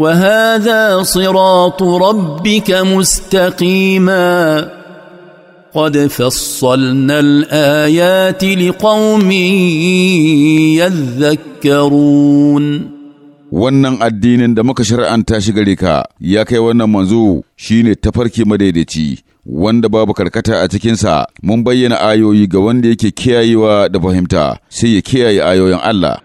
وهذا صراط ربك مستقيما قد فصلنا الايات لقوم يذكرون wannan addinin da muka shari'anta shi gare ka ya kai wannan manzo shine tafarki madaidaici wanda babu karkata a cikinsa mun bayyana ayoyi ga wanda yake kiyayewa da fahimta sai ya kiyaye ayoyin Allah